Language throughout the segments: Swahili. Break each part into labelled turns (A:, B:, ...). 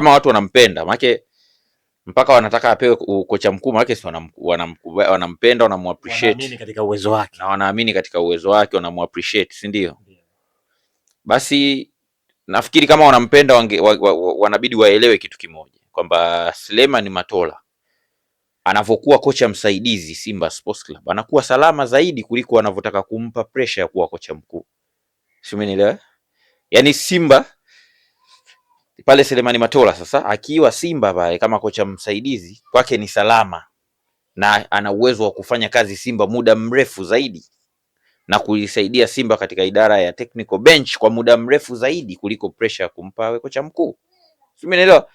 A: kama watu wanampenda, maanake mpaka wanataka apewe kocha mkuu, maanake si wanampenda, wanampenda, wanamappreciate
B: katika uwezo wake
A: na wanaamini katika uwezo wake, wanamappreciate, si ndio? Basi nafikiri kama wanampenda wange, wa, wa, wa, wanabidi waelewe kitu kimoja kwamba Suleiman Matola anavyokuwa kocha msaidizi Simba Sports Club anakuwa salama zaidi kuliko wanavyotaka kumpa pressure ya kuwa kocha mkuu, si umenielewa? Yaani Simba pale Selemani Matola sasa akiwa Simba pale kama kocha msaidizi kwake ni salama na ana uwezo wa kufanya kazi Simba muda mrefu zaidi na kuisaidia Simba katika idara ya technical bench kwa muda mrefu zaidi kuliko pressure kumpa awe kocha mkuu. Simeelewa?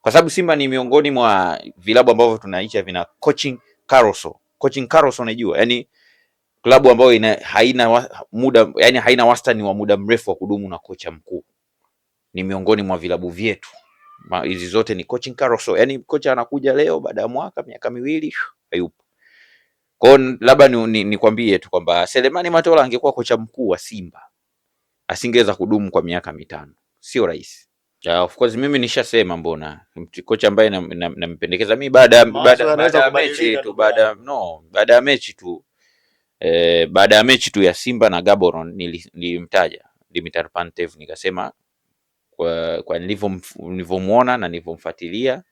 A: Kwa sababu Simba ni miongoni mwa vilabu ambavyo tunaicha vina coaching carousel. Coaching carousel unajua, yani klabu ambayo ina haina wa, muda yani haina wastani wa muda mrefu wa kudumu na kocha mkuu ni miongoni mwa vilabu vyetu hizi zote ni coaching carousel. Yani kocha anakuja leo, baada ya mwaka, miaka miwili hayupo. Kwa hiyo labda nikwambie ni, ni tu kwamba Selemani Matola angekuwa kocha mkuu wa Simba asingeweza kudumu kwa miaka mitano, sio rahisi. Yeah, of course mimi nishasema, mbona kocha ambaye nampendekeza na, na mimi baada baada ya mechi tu baada no baada ya mechi tu eh, baada ya mechi tu ya Simba na Gaborone nilimtaja Dimitar Pantev nikasema kwa, kwa nilivyomwona na nilivyomfuatilia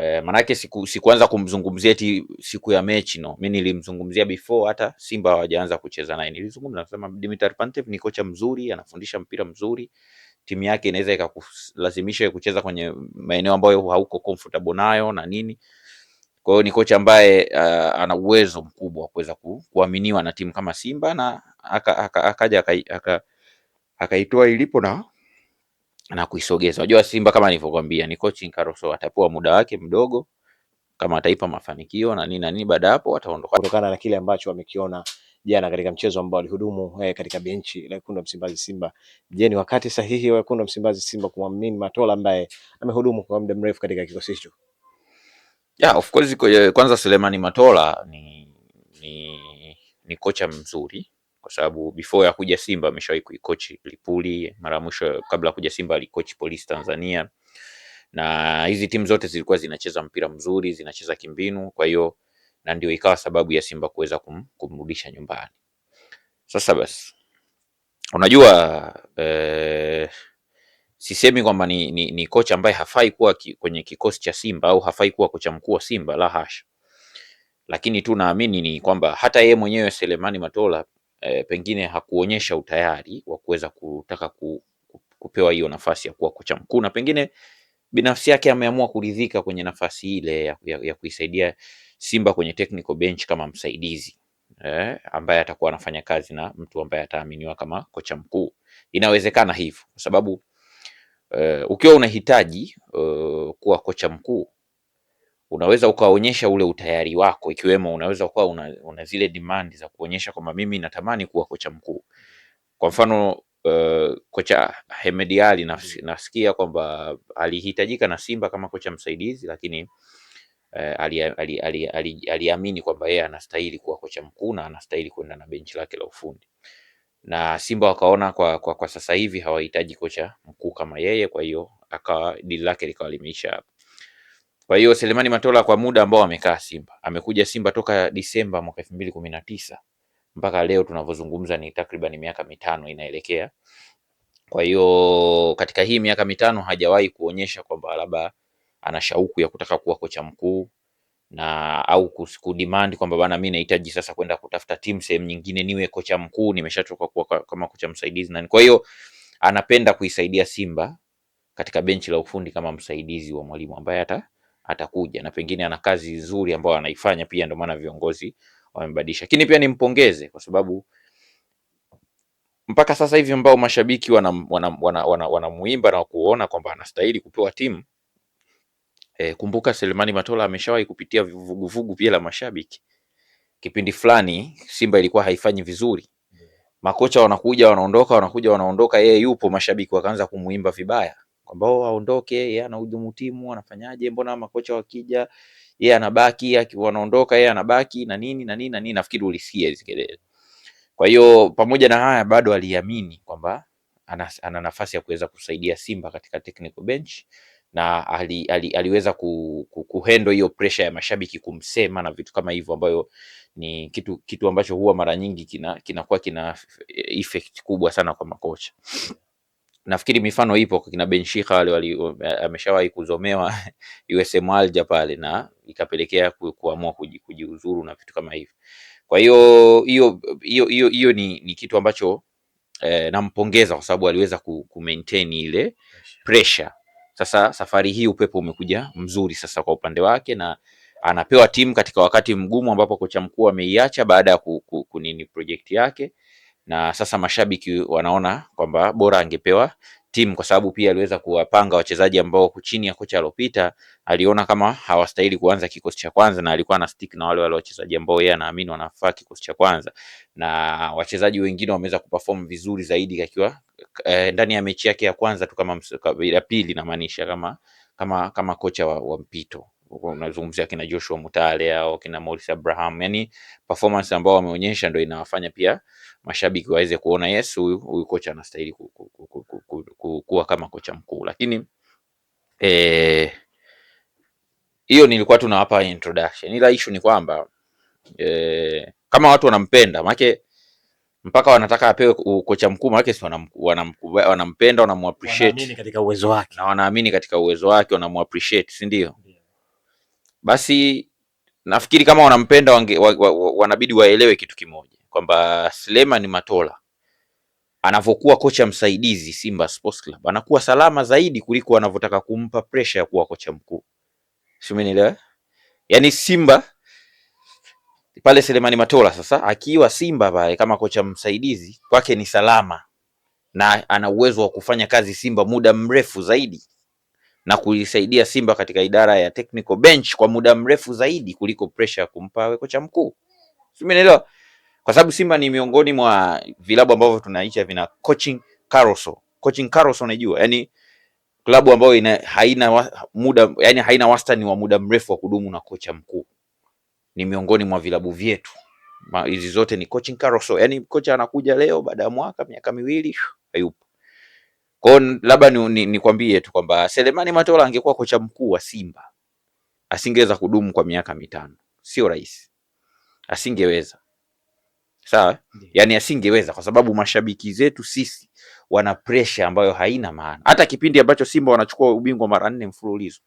A: e, eh, maanake siku, sikuanza kumzungumzia eti siku ya mechi no. Mimi nilimzungumzia before hata Simba hawajaanza kucheza naye, nilizungumza nasema Dimitar Pantev ni kocha mzuri, anafundisha mpira mzuri, timu yake inaweza ikakulazimisha kucheza kwenye maeneo ambayo hauko comfortable nayo na nini kwa hiyo ni kocha ambaye uh, ana uwezo mkubwa wa kuweza ku, kuaminiwa na timu kama Simba na akaja aka, akaitoa aka, aka, aka ilipo na na kuisogeza. Unajua Simba kama nilivyokuambia ni coaching Caroso, atapewa muda wake mdogo, kama ataipa mafanikio na nini na nini, baada hapo ataondoka
B: kutokana na kile ambacho wamekiona jana katika mchezo ambao alihudumu eh, katika benchi la wekundu wa Msimbazi Simba. Je, ni wakati sahihi wa wekundu wa Msimbazi Simba kumwamini Matola ambaye amehudumu kwa muda mrefu katika kikosi hicho?
A: Yeah, of course, eh, kwanza Selemani Matola ni, ni, ni kocha mzuri kwa sababu before ya kuja Simba ameshawahi kuikochi Lipuli, mara mwisho kabla ya kuja Simba alikochi Polisi Tanzania, na hizi timu zote zilikuwa zinacheza mpira mzuri, zinacheza kimbinu, kwa hiyo na ndio ikawa sababu ya Simba kuweza kum, kumrudisha nyumbani. Sasa basi, unajua eh, sisemi kwamba ni, ni, ni kocha ambaye hafai kuwa ki, kwenye kikosi cha Simba au hafai kuwa kocha mkuu wa Simba, la hasha, lakini tu naamini ni kwamba hata yeye mwenyewe Selemani Matola e, pengine hakuonyesha utayari wa kuweza kutaka ku, kupewa hiyo nafasi ya kuwa kocha mkuu na pengine binafsi yake ameamua kuridhika kwenye nafasi ile ya, ya, ya kuisaidia Simba kwenye technical bench kama msaidizi eh, ambaye atakuwa anafanya kazi na mtu ambaye ataaminiwa kama kocha mkuu. Inawezekana hivyo kwa sababu eh, ukiwa unahitaji eh, kuwa kocha mkuu unaweza ukaonyesha ule utayari wako, ikiwemo unaweza ukawa una, una zile demand za kuonyesha kwamba mimi natamani kuwa kocha mkuu. Kwa mfano uh, kocha Hemedi Ali nafs, mm. nasikia kwamba alihitajika na Simba kama kocha msaidizi, lakini uh, aliamini ali, ali, ali, ali, ali kwamba yeye anastahili kuwa kocha mkuu na anastahili kwenda na benchi lake la ufundi na Simba wakaona kwa, kwa, kwa sasa hivi hawahitaji kocha mkuu kama yeye, kwa hiyo akawa dili lake likawa limeisha hapo. Kwa hiyo Selemani Matola kwa muda ambao amekaa Simba, amekuja Simba toka Disemba mwaka elfu mbili kumi na tisa mpaka leo tunavyozungumza ni takriban miaka mitano inaelekea. Kwa hiyo katika hii miaka mitano hajawahi kuonyesha kwamba labda ana shauku ya kutaka kuwa kocha mkuu na au kudemand kwamba bana, mimi nahitaji sasa kwenda kutafuta timu sehemu nyingine niwe kocha mkuu, nimeshatoka kuwa kama kocha msaidizi nani. Kwa hiyo anapenda kuisaidia Simba katika benchi la ufundi kama msaidizi wa mwalimu ambaye hata atakuja na pengine ana kazi nzuri ambayo anaifanya pia, ndio maana viongozi wamebadilisha. Lakini pia nimpongeze kwa sababu mpaka sasa hivi ambao mashabiki wanamuimba wana, wana, wana, wana na kuona kwamba anastahili kupewa timu e, kumbuka Selemani Matola ameshawahi kupitia vuguvugu pia la mashabiki. Kipindi fulani Simba ilikuwa haifanyi vizuri, makocha wanakuja wanaondoka, wanakuja wanaondoka, yeye yupo, mashabiki wakaanza kumuimba vibaya kwamba oh, aondoke yeye anahujumu timu anafanyaje, mbona makocha wakija yeye anabaki, wanaondoka yeye anabaki na nini na nini na nini, nafikiri ulisikia hizo kelele. Kwa hiyo pamoja na haya bado aliamini kwamba ana, ana nafasi ya kuweza kusaidia Simba katika technical bench na ali, ali, aliweza kuhendo hiyo pressure ya mashabiki kumsema na vitu kama hivyo, ambayo ni kitu kitu ambacho huwa mara nyingi kinakuwa kina, kina effect kubwa sana kwa makocha nafikiri mifano ipo kina Benshika wale ameshawahi kuzomewa USM Alger pale na ikapelekea ku, kuamua kujiuzuru na vitu kama hivyo. Kwa hiyo hiyo hiyo hiyo hiyo ni, ni kitu ambacho eh, nampongeza kwa sababu aliweza ku, ku maintain ile pressure. Sasa safari hii upepo umekuja mzuri sasa kwa upande wake na anapewa timu katika wakati mgumu ambapo kocha mkuu ameiacha baada ya ku, ku, kunini project yake na sasa mashabiki wanaona kwamba bora angepewa timu kwa sababu pia aliweza kuwapanga wachezaji ambao chini ya kocha alopita aliona kama hawastahili kuanza kikosi cha kwanza, na alikuwa na stick na wale wale wachezaji ambao yeye anaamini wanafaa kikosi cha kwanza, na wachezaji wengine wameweza kuperform vizuri zaidi akiwa eh, ndani ya mechi yake ya kwanza tu kama ya pili, namaanisha kama kama kama kocha wa, wa mpito unazungumzia kina Joshua Mutale au kina Morris Abraham, yani performance ambao wameonyesha ndio inawafanya pia mashabiki waweze kuona yes, huyu kocha anastahili ku, ku, ku, ku, ku, ku, ku, kuwa kama kocha mkuu. Lakini eh, hiyo eh, nilikuwa tunawapa introduction, ila issue ni kwamba eh, kama watu wanampenda maana mpaka wanataka apewe kocha mkuu maana si wanampenda, wanamuappreciate
B: katika uwezo wake,
A: na wanaamini katika uwezo wake, appreciate, si ndio? basi nafikiri kama wanampenda wange, wa, wa, wa, wanabidi waelewe kitu kimoja kwamba Suleiman Matola anavyokuwa kocha msaidizi Simba Sports Club anakuwa salama zaidi kuliko anavyotaka kumpa pressure ya kuwa kocha mkuu, si umenielewa? Yani Simba pale Selemani Matola sasa akiwa Simba pale kama kocha msaidizi kwake ni salama na ana uwezo wa kufanya kazi Simba muda mrefu zaidi na kuisaidia Simba katika idara ya technical bench kwa muda mrefu zaidi kuliko pressure ya kumpa kocha mkuu. Umeelewa? Kwa sababu Simba ni miongoni mwa vilabu ambavyo tunaicha vina coaching carousel. Coaching carousel unajua, yani klabu ambayo ina, haina wa, muda yani haina wastani wa muda mrefu wa kudumu na kocha mkuu. Ni miongoni mwa vilabu vyetu. Hizi zote ni coaching carousel. Yani kocha anakuja leo baada ya mwaka miaka miwili hayupo. Kwa hiyo labda nikwambie ni, ni tu kwamba Selemani Matola angekuwa kocha mkuu wa Simba asingeweza kudumu kwa miaka mitano, sio rahisi, asingeweza sawa, yani asingeweza kwa sababu mashabiki zetu sisi wana pressure ambayo haina maana. Hata kipindi ambacho Simba wanachukua ubingwa mara nne mfululizo,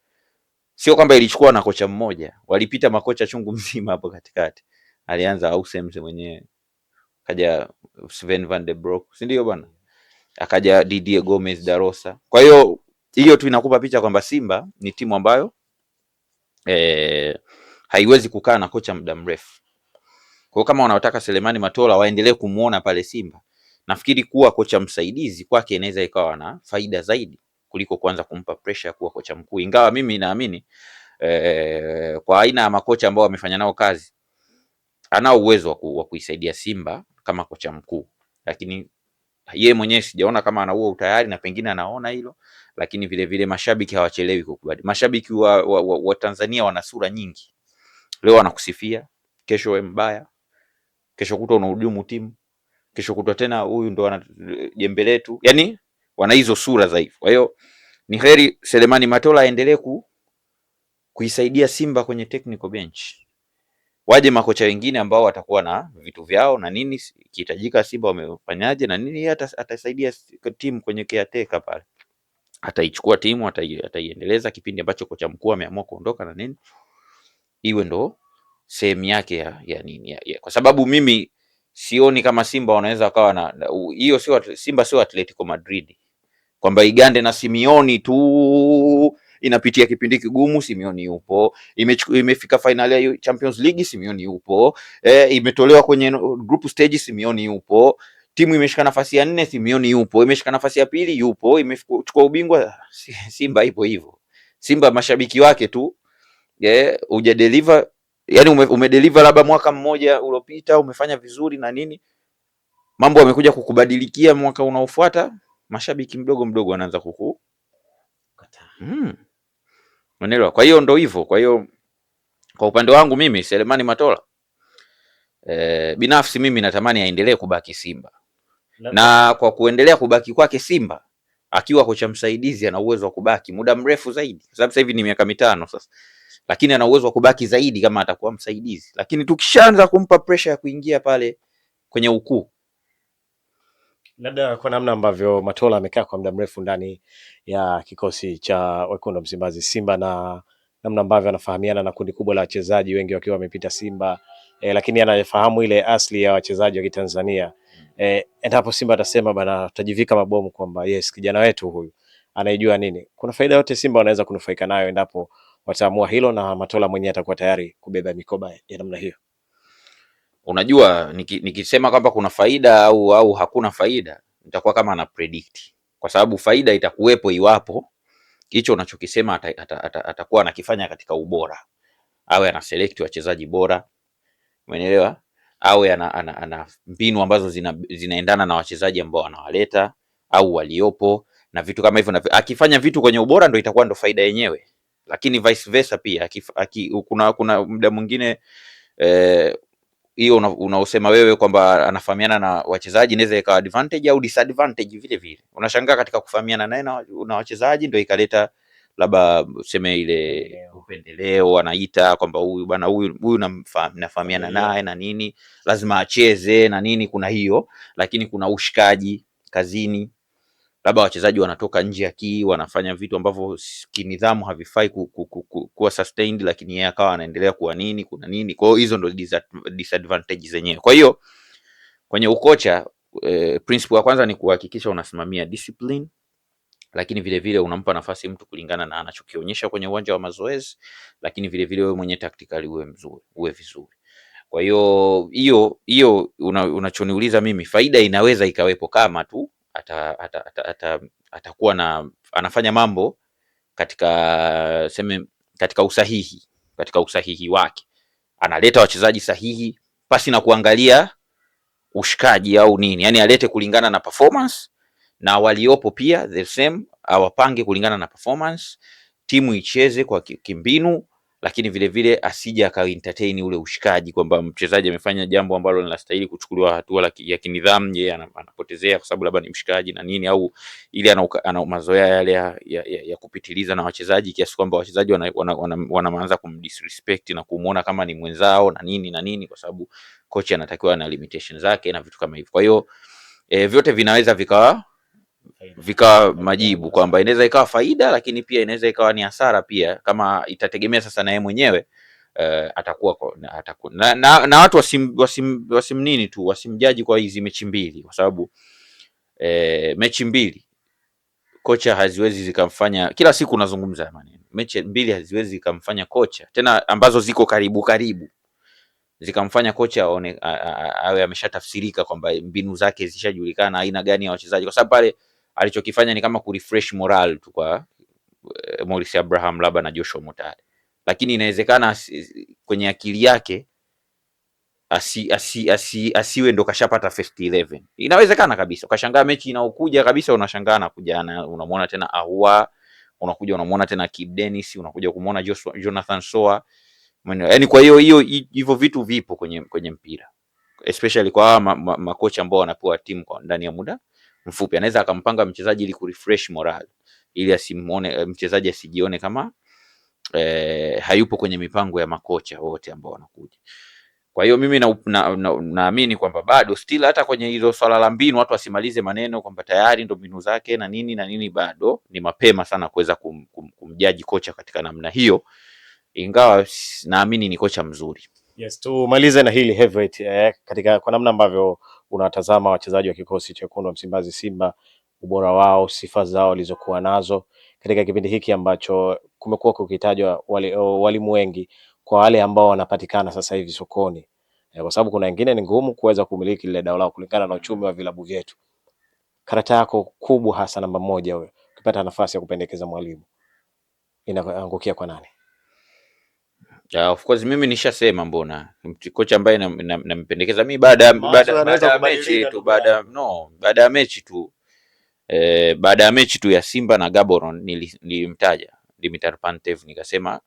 A: sio kwamba ilichukua na kocha mmoja, walipita makocha chungu mzima. Hapo katikati alianza Aussems mwenyewe, kaja Sven van der Broek, si ndio bwana? akaja Didier Gomez Darosa. Kwa hiyo hiyo tu inakupa picha kwamba Simba ni timu ambayo eh, haiwezi kukaa na kocha muda mrefu. Kwa hiyo kama wanaotaka Selemani Matola waendelee kumuona pale Simba, nafikiri kuwa kocha msaidizi kwake inaweza ikawa na faida zaidi kuliko kuanza kumpa pressure ya kuwa kocha mkuu, ingawa mimi naamini eh, kwa aina ya makocha ambao wamefanya nao kazi anao uwezo wa kuisaidia Simba kama kocha mkuu, lakini yeye mwenyewe sijaona kama ana huo utayari na pengine anaona hilo, lakini vile vile mashabiki hawachelewi kukubali. Mashabiki wa, wa, wa, wa Tanzania wana sura nyingi, leo wanakusifia, kesho we mbaya, kesho kutwa unahujumu timu, kesho kutwa tena huyu ndo ana jembe letu, yani wana hizo sura za hivyo. Kwa hiyo ni heri Selemani Matola aendelee ku kuisaidia Simba kwenye technical bench waje makocha wengine ambao watakuwa na vitu vyao na nini, ikihitajika Simba wamefanyaje na nini, yeye atasaidia timu kwenye caretaker pale, ataichukua timu ataiendeleza kipindi ambacho kocha mkuu ameamua kuondoka na nini, iwe ndo sehemu yake ya, ya nini ya, ya. Kwa sababu mimi sioni kama Simba wanaweza wakawa na hiyo, sio Simba sio Atletico Madrid kwamba igande na Simioni tu inapitia kipindi kigumu, Simeone yupo. Ime, imefika finali ya Champions League, Simeone yupo. E, imetolewa kwenye group stage, Simeone yupo. Timu imeshika nafasi ya nne, Simeone yupo. Imeshika nafasi ya pili, yupo. Imechukua ubingwa, Simba ipo hivyo. Simba mashabiki wake tu yeah, uja deliver yani ume, ume deliver labda mwaka mmoja uliopita umefanya vizuri na nini, mambo yamekuja kukubadilikia mwaka unaofuata, mashabiki mdogo mdogo wanaanza kukukataa. Mm. Umeelewa? Kwa hiyo ndo hivyo. Kwa hiyo kwa upande wangu mimi Selemani Matola e, binafsi mimi natamani aendelee kubaki Simba na, na kwa kuendelea kubaki kwake Simba akiwa kocha msaidizi ana uwezo wa kubaki muda mrefu zaidi, kwa sababu sasa hivi ni miaka mitano sasa, lakini ana uwezo wa kubaki zaidi kama atakuwa msaidizi, lakini tukishaanza kumpa pressure ya kuingia pale kwenye ukuu
B: Labda kwa namna ambavyo Matola amekaa kwa muda mrefu ndani ya kikosi cha wekundu Msimbazi, Simba, na namna ambavyo anafahamiana na kundi kubwa la wachezaji wengi wakiwa wamepita Simba e, lakini anafahamu ile asili ya wachezaji wa Kitanzania e, endapo Simba atasema bana, tutajivika mabomu kwamba yes, kijana wetu huyu anaijua nini. Kuna faida yote Simba wanaweza kunufaika nayo endapo wataamua hilo, na Matola mwenyewe atakuwa tayari kubeba mikoba ya namna hiyo.
A: Unajua niki, nikisema kwamba kuna faida au au hakuna faida nitakuwa kama na predict, kwa sababu faida itakuwepo iwapo hicho unachokisema atakuwa ata, ata, ata anakifanya katika ubora, awe ana select wachezaji bora, umeelewa? Awe ana, ana, ana mbinu ambazo zina, zinaendana na wachezaji ambao anawaleta au waliopo na vitu kama hivyo. Akifanya vitu kwenye ubora ndo itakuwa ndo faida yenyewe, lakini vice versa pia akif, akif, kuna, kuna muda mwingine eh, hiyo unaosema wewe kwamba anafahamiana na wachezaji inaweza ikawa advantage au disadvantage vile vile. Unashangaa katika kufahamiana naye na wachezaji ndio ikaleta labda useme ile upendeleo, anaita kwamba huyu bwana huyu huyu nafahamiana naye na nini, lazima acheze na nini, kuna hiyo, lakini kuna ushikaji kazini labda wachezaji wanatoka nje ya kii, wanafanya vitu ambavyo kinidhamu havifai ku, ku, ku, ku, kuwa sustained, lakini yeye akawa anaendelea kuwa nini, kuna nini. Kwa hiyo hizo ndo disadvantage zenyewe. Kwa hiyo kwenye ukocha eh, principle ya kwanza ni kuhakikisha unasimamia discipline lakini vilevile unampa nafasi mtu kulingana na anachokionyesha kwenye uwanja wa mazoezi, lakini vilevile wewe mwenye tactically uwe mzuri, uwe vizuri. Kwa hiyo hiyo hiyo, unachoniuliza una mimi, faida inaweza ikawepo kama tu ata, ata, ata, ata, atakuwa na anafanya mambo katika seme, katika usahihi katika usahihi wake, analeta wachezaji sahihi pasi na kuangalia ushikaji au nini, yani alete kulingana na performance na waliopo pia the same, awapange kulingana na performance, timu icheze kwa kimbinu lakini vilevile asija akaentertain ule ushikaji kwamba mchezaji amefanya jambo ambalo linastahili kuchukuliwa hatua ya kinidhamu, yeye anapotezea kwa sababu labda ni mshikaji na nini, au ile ana mazoea yale ya, ya, ya, ya kupitiliza na wachezaji kiasi kwamba wachezaji wanaanza wana, wana, wana kumdisrespect na kumuona kama ni mwenzao na nini na nini, kwa sababu kocha anatakiwa na limitation zake na vitu kama hivyo. Kwa hiyo e, vyote vinaweza vikawa vikawa majibu kwamba inaweza ikawa faida, lakini pia inaweza ikawa ni hasara pia, kama itategemea sasa na yeye mwenyewe uh, atakuwa na, atakuwa na, na, na watu wasim, wasim, wasim nini tu wasimjaji kwa hizi mechi mbili, kwa sababu eh, mechi mbili kocha haziwezi zikamfanya kila siku unazungumza maneno. Mechi mbili haziwezi zikamfanya kocha tena, ambazo ziko karibu karibu, zikamfanya kocha aone awe ameshatafsirika kwamba mbinu zake zishajulikana, aina gani ya wachezaji, kwa sababu pale alichokifanya ni kama kurefresh moral tu kwa eh, Morris Abraham labda na Joshua Mutale, lakini inawezekana eh, kwenye akili yake asi, asi, asi, asiwe ndo kashapata first 11. Inawezekana kabisa ukashangaa mechi inaokuja kabisa, unashangaa na nakuja unamwona tena Ahua, unakuja unamwona tena Kid Dennis, unakuja kumwona Jonathan Soa, yaani kwa hiyo hiyo hivyo vitu vipo kwenye, kwenye mpira especially kwa hawa makocha ma, ma ambao wanapewa timu kwa ndani ya muda mfupi. Anaweza akampanga mchezaji ili kurefresh morale, ili asimuone eh, mchezaji asijione kama e, hayupo kwenye mipango ya makocha wote ambao wanakuja. Kwa hiyo mimi naamini na, na, kwamba bado still hata kwenye hilo swala la mbinu watu wasimalize maneno kwamba tayari ndo mbinu zake na nini na nini, bado ni mapema sana kuweza kum, kum, kumjaji kocha katika namna hiyo, ingawa naamini ni kocha mzuri.
B: Yes, tumalize na hili Heavyweight eh, katika kwa namna ambavyo unatazama wachezaji wa kikosi cha wekundu wa Msimbazi Simba, ubora wao, sifa zao walizokuwa nazo katika kipindi hiki ambacho kumekuwa kukitajwa eh, walimu wengi kwa wale ambao wanapatikana sasa hivi sokoni eh, kwa sababu kuna wengine ni ngumu kuweza kumiliki lile dau lao kulingana na uchumi wa vilabu vyetu. Karata yako kubwa hasa namba moja, wewe ukipata nafasi ya kupendekeza mwalimu inaangukia kwa nani?
A: Yeah, of course mimi nishasema mbona kocha ambaye nampendekeza mimi baada baada ya mechi tu baada no baada ya mechi tu eh, baada ya mechi tu ya Simba na Gaborone nilimtaja Dimitar Pantev nikasema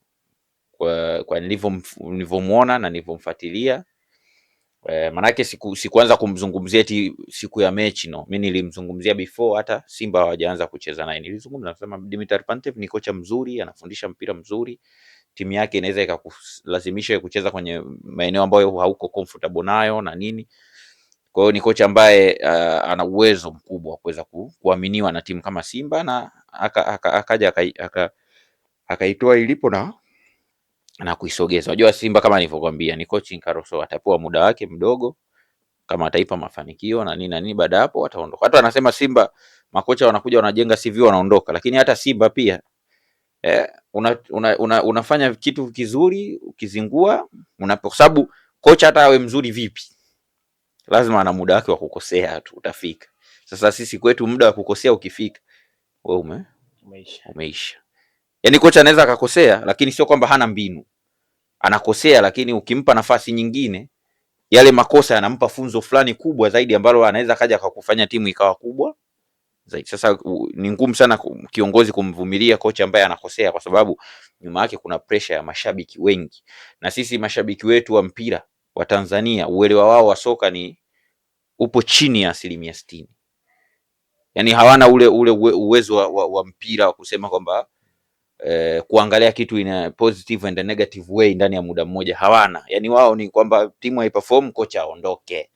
A: kwa, kwa nilivyomuona na nilivyomfuatilia eh, manake siku sikuanza kumzungumzia eti siku ya mechi no, mimi nilimzungumzia before hata Simba hawajaanza kucheza naye, nilizungumza nasema Dimitar Pantev ni kocha mzuri, anafundisha mpira mzuri timu yake inaweza ikakulazimisha kucheza kwenye maeneo ambayo hauko comfortable nayo na nini. Kwa hiyo ni kocha ambaye uh, ana uwezo mkubwa wa kuweza kuaminiwa na timu kama Simba na akaja akaitoa ilipo na na kuisogeza. Unajua Simba kama nilivyokuambia ni coaching Karoso atapewa muda wake mdogo kama ataipa mafanikio na nini na nini, baada hapo wataondoka. Hata wanasema Simba makocha wanakuja wanajenga CV wanaondoka, lakini hata Simba pia eh, una, una, una, unafanya kitu kizuri ukizingua, kwa sababu kocha hata awe mzuri vipi, lazima ana muda wake wa kukosea tu, utafika. Sasa sisi kwetu muda wa kukosea ukifika, wewe ume, umeisha, umeisha. Yani kocha anaweza akakosea, lakini sio kwamba hana mbinu, anakosea, lakini ukimpa nafasi nyingine yale makosa yanampa funzo fulani kubwa zaidi ambalo anaweza kaja akakufanya timu ikawa kubwa zaidi. Sasa ni ngumu sana kiongozi kumvumilia kocha ambaye anakosea, kwa sababu nyuma yake kuna presha ya mashabiki wengi, na sisi mashabiki wetu wa mpira wa Tanzania uelewa wao wa soka ni upo chini ya asilimia sitini. Yaani hawana ule ule uwezo wa, wa, wa mpira wa kusema kwamba eh, kuangalia kitu ina positive and negative way ndani ya muda mmoja hawana. Yaani wao ni kwamba timu haiperform kocha aondoke.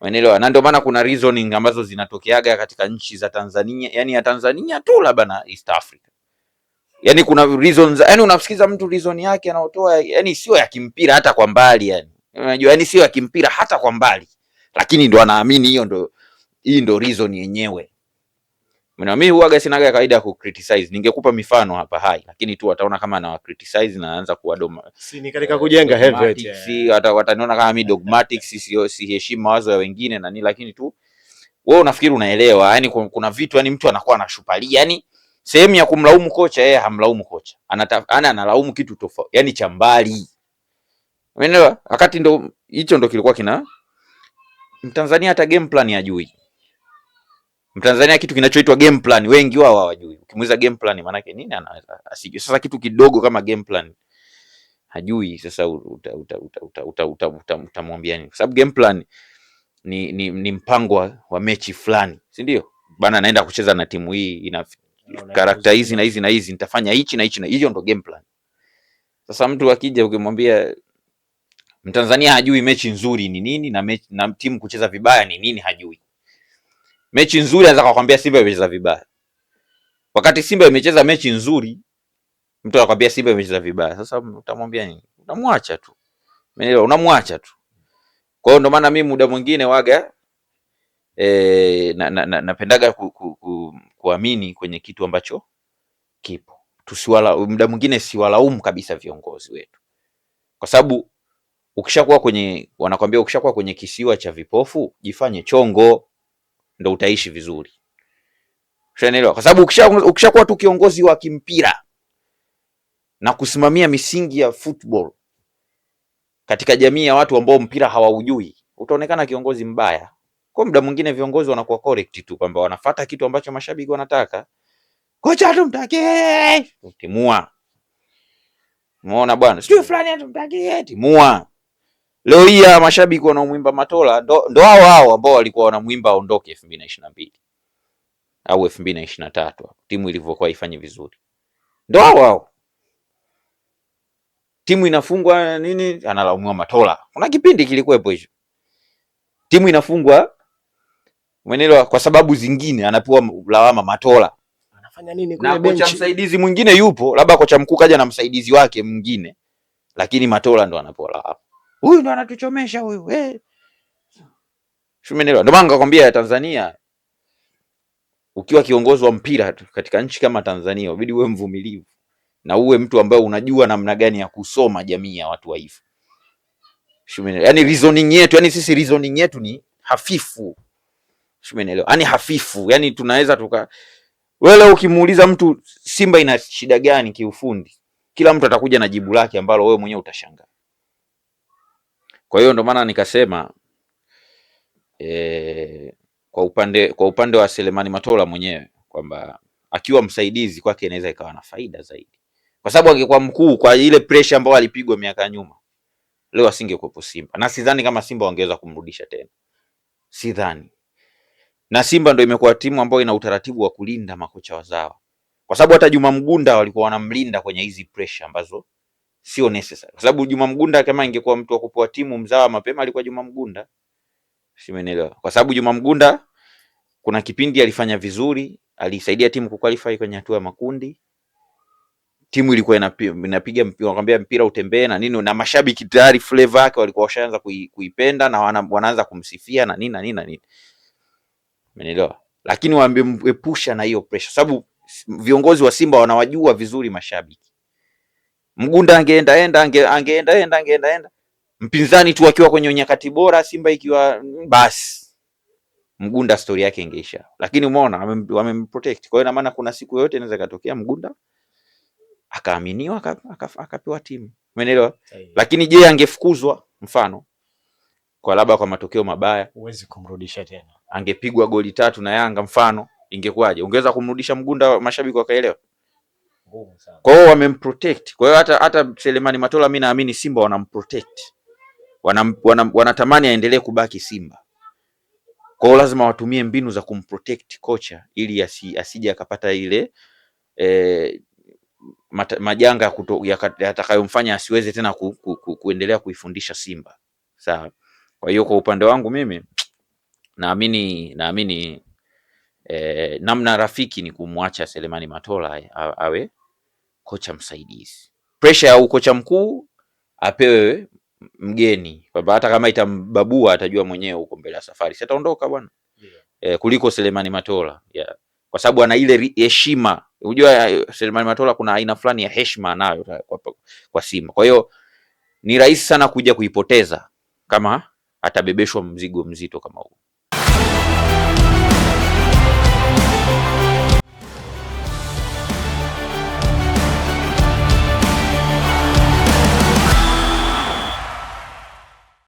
A: Unaelewa? Na ndio maana kuna reasoning ambazo zinatokeaga katika nchi za Tanzania, yani ya Tanzania tu labda na East Africa. Yani kuna reasons, yani unamsikiza mtu reason yake anaotoa, yani sio ya kimpira hata kwa mbali yani. Unajua, yani sio ya kimpira hata kwa mbali. Lakini ndo anaamini hiyo ndo hii ndio reason yenyewe. Maana mimi huaga sina haga kawaida ya ku criticize. Ningekupa mifano hapa hai, lakini tu wataona kama na criticize na anaanza kuwa doma.
B: Si ni katika kujenga hatred. Eh.
A: Si wataniona kama mimi dogmatic, si si si heshima mawazo ya wengine na nini, lakini tu wewe unafikiri unaelewa. Yaani kuna vitu yani mtu anakuwa anashupalia. Yaani sehemu ya kumlaumu kocha yeye hamlaumu kocha. Anata, ana analaumu kitu tofauti. Yaani cha mbali. Umeelewa? Wakati ndo hicho ndo kilikuwa kina Mtanzania hata game plan hajui. Mtanzania kitu kinachoitwa game plan wengi wao hawajui. Ukimuuliza game plan maana yake nini, anaweza asijui. Sasa kitu kidogo kama game plan hajui, sasa utamwambia nini? sababu game plan ni, ni, ni mpango wa mechi fulani, si ndio? Bana, naenda kucheza na timu hii ina karakta hizi na hizi na hizi, nitafanya hichi na hichi na hiyo, ndo game plan. Sasa mtu akija ukimwambia Mtanzania hajui mechi nzuri ni nini na, mechi, na timu kucheza vibaya ni nini, hajui mechi nzuri anaweza kukwambia Simba imecheza vibaya, wakati Simba imecheza mechi nzuri, mtu anakwambia Simba imecheza vibaya. Sasa utamwambia nini? Unamwacha tu, umeelewa? Unamwacha tu. Kwa hiyo ndio maana mimi muda mwingine waga eh, na, na, na, napendaga ku, ku, ku, kuamini kwenye kitu ambacho kipo. Tusiwala muda mwingine siwalaumu kabisa viongozi wetu, kwa sababu ukishakuwa kwenye wanakwambia, ukishakuwa kwenye kisiwa cha vipofu jifanye chongo ndo utaishi vizuri. Ushanielewa? Kwa sababu ukishakuwa tu kiongozi wa kimpira na kusimamia misingi ya football katika jamii ya watu ambao mpira hawaujui, utaonekana kiongozi mbaya. Kwa muda mwingine viongozi wanakuwa correct tu kwamba wanafata kitu ambacho mashabiki wanataka, kocha tumtakie, timua. muona bwana, sijui fulani tumtakie, timua. Leo hii ya mashabiki wanaomwimba Matola ndo hao hao ambao walikuwa wanamwimba aondoke elfu mbili na ishirini na mbili au elfu mbili na ishirini na tatu timu ilivyokuwa ifanye vizuri, ndo hao hao. Timu inafungwa nini, analaumiwa Matola. Kuna kipindi kilikuwepo hicho, timu inafungwa, mwenelewa, kwa sababu zingine anapewa lawama Matola anafanya nini kule benchi, na kocha msaidizi mwingine yupo, labda kocha mkuu kaja na msaidizi wake mwingine, lakini Matola ndo anapewa lawama huyu ndo anatuchomesha huyu eh. Ndio maana nikakwambia Tanzania, ukiwa kiongozi wa mpira katika nchi kama Tanzania ubidi uwe mvumilivu na uwe mtu ambaye unajua namna gani ya kusoma jamii ya watu waifu. Yani reasoning yetu, yani sisi reasoning yetu ni hafifu, shumenelewa? Yani hafifu, yani tunaweza tuka wewe ukimuuliza mtu Simba ina shida gani kiufundi, kila mtu atakuja na jibu lake ambalo wewe mwenyewe utashangaa. Kwa hiyo ndo maana nikasema e, kwa upande kwa upande wa Selemani Matola mwenyewe kwamba akiwa msaidizi kwake inaweza ikawa na faida zaidi, kwa sababu angekuwa mkuu, kwa ile pressure ambayo alipigwa miaka ya nyuma, leo asingekuwepo Simba, na sidhani kama Simba wangeweza kumrudisha tena, sidhani. Na Simba ndo imekuwa timu ambayo ina utaratibu wa kulinda makocha wazawa, kwa sababu hata Juma Mgunda walikuwa wanamlinda kwenye hizi pressure ambazo sio necessary, kwa sababu Juma Mgunda kama ingekuwa mtu wa kupewa timu mzawa mapema alikuwa Juma Mgunda, simenelewa. Kwa sababu Juma Mgunda kuna kipindi alifanya vizuri, alisaidia timu kuqualify kwenye hatua ya makundi, timu ilikuwa inapiga mpira, nakwambia mpira utembee na nini, na mashabiki tayari flavor yake walikuwa washaanza kuipenda na wana, wanaanza kumsifia na nini na nini na nini, umeelewa. Lakini waambie epusha na hiyo pressure, sababu viongozi wa Simba wanawajua vizuri mashabiki Mgunda angeenda angeenda enda angeendaenda angeendaenda enda mpinzani tu akiwa kwenye nyakati bora, Simba ikiwa basi, Mgunda stori yake ingeisha, lakini umeona wamemprotect. Kwa hiyo ina maana kuna siku yoyote inaweza ikatokea Mgunda akaaminiwa akapewa timu, umeelewa? Lakini je, angefukuzwa mfano kwa labda kwa matokeo mabaya,
B: huwezi kumrudisha tena,
A: angepigwa goli tatu na Yanga mfano, ingekuwaje? Ungeweza kumrudisha Mgunda? Mashabiki wakaelewa? Kwa hiyo wamemprotect. Kwa hiyo hata hata Selemani Matola mimi naamini Simba wanamprotect. Wanam, wanam, wanatamani aendelee kubaki Simba. Kwa hiyo lazima watumie mbinu za kumprotect kocha ili asije akapata ile e, majanga yatakayomfanya asiweze tena ku, ku, ku, kuendelea kuifundisha Simba. Sawa. Kwa hiyo kwa upande wangu mimi naamini naamini eh, namna rafiki ni kumwacha Selemani Matola awe kocha msaidizi. Pressure ya ukocha mkuu apewe mgeni, kwamba hata kama itambabua atajua mwenyewe huko mbele ya safari, si ataondoka bwana yeah. Eh, kuliko Selemani Matola yeah. Kwa sababu ana ile heshima. Unajua eh, Selemani Matola kuna aina fulani ya heshima anayo kwa, kwa Simba, kwa hiyo ni rahisi sana kuja kuipoteza kama atabebeshwa mzigo mzito kama huu.